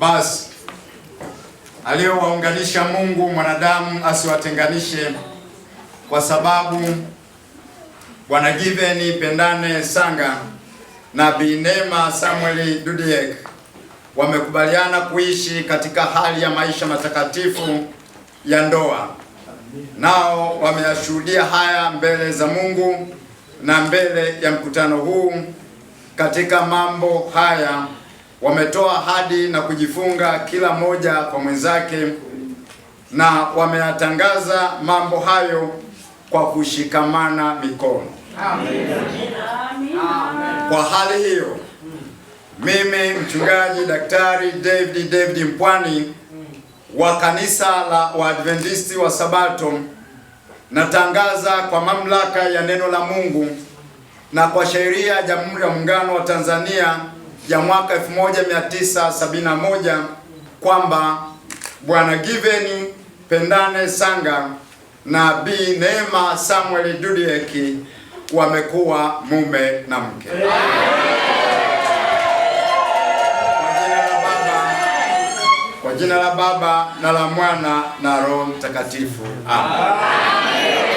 Basi aliyowaunganisha Mungu mwanadamu asiwatenganishe, kwa sababu Bwana Giveni Pendane Sanga na Bi Neema Samuel Dudiek wamekubaliana kuishi katika hali ya maisha matakatifu ya ndoa, nao wameyashuhudia haya mbele za Mungu na mbele ya mkutano huu katika mambo haya wametoa ahadi na kujifunga kila mmoja kwa mwenzake na wameyatangaza mambo hayo kwa kushikamana mikono. Amen. Amen. Kwa hali hiyo, mimi mchungaji daktari David David Mpwani wa kanisa la Waadventisti wa Sabato natangaza kwa mamlaka ya neno la Mungu na kwa sheria ya Jamhuri ya Muungano wa Tanzania ya mwaka 1971 kwamba Bwana Given Pendane Sanga na Bi Neema Samuel Dudieki wamekuwa mume na mke. Kwa jina la Baba na la Mwana na Roho Mtakatifu, amen.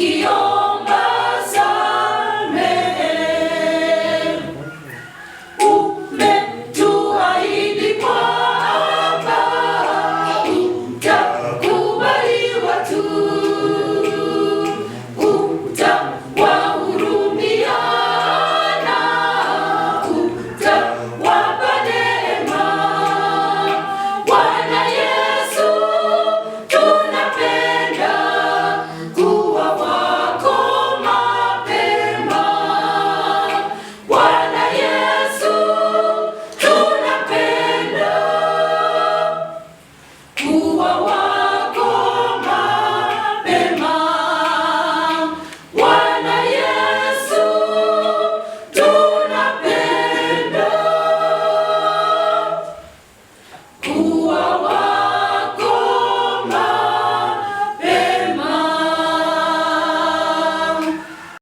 Tokyo.